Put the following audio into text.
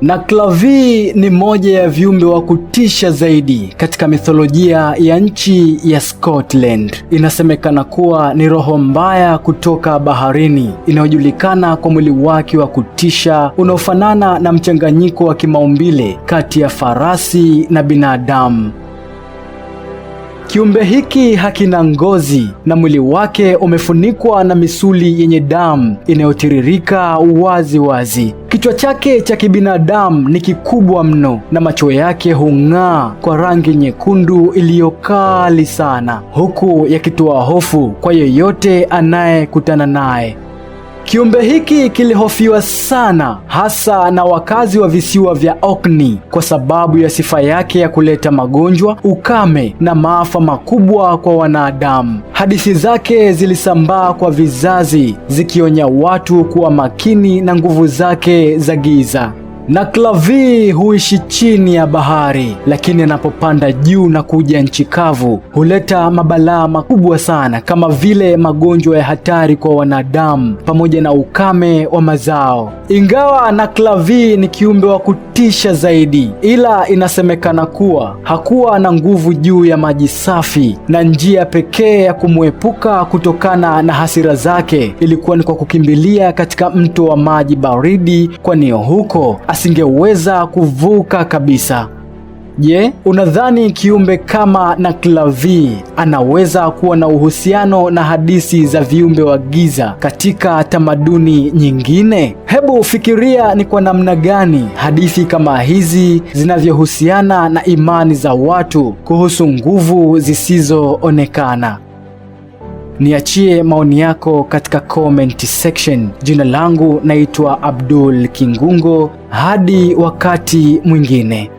Na Klavi ni moja ya viumbe wa kutisha zaidi katika mitholojia ya nchi ya Scotland. Inasemekana kuwa ni roho mbaya kutoka baharini inayojulikana kwa mwili wake wa kutisha unaofanana na mchanganyiko wa kimaumbile kati ya farasi na binadamu. Kiumbe hiki hakina ngozi na mwili wake umefunikwa na misuli yenye damu inayotiririka wazi wazi. Kichwa chake cha kibinadamu ni kikubwa mno na macho yake hung'aa kwa rangi nyekundu iliyokali sana, huku yakitoa hofu kwa yeyote anayekutana naye. Kiumbe hiki kilihofiwa sana hasa na wakazi wa visiwa vya Orkney kwa sababu ya sifa yake ya kuleta magonjwa, ukame na maafa makubwa kwa wanadamu. Hadithi zake zilisambaa kwa vizazi zikionya watu kuwa makini na nguvu zake za giza. Na Klavi huishi chini ya bahari, lakini anapopanda juu na kuja nchi kavu huleta mabalaa makubwa sana, kama vile magonjwa ya hatari kwa wanadamu pamoja na ukame wa mazao. Ingawa Klavi ni kiumbe wa kutisha zaidi, ila inasemekana kuwa hakuwa na nguvu juu ya maji safi, na njia pekee ya kumwepuka kutokana na hasira zake ilikuwa ni kwa kukimbilia katika mto wa maji baridi, kwani huko asingeweza kuvuka kabisa. Je, unadhani kiumbe kama na Klavi anaweza kuwa na uhusiano na hadithi za viumbe wa giza katika tamaduni nyingine? Hebu fikiria ni kwa namna gani hadithi kama hizi zinavyohusiana na imani za watu kuhusu nguvu zisizoonekana. Niachie maoni yako katika comment section. Jina langu naitwa Abdul Kingungo. Hadi wakati mwingine.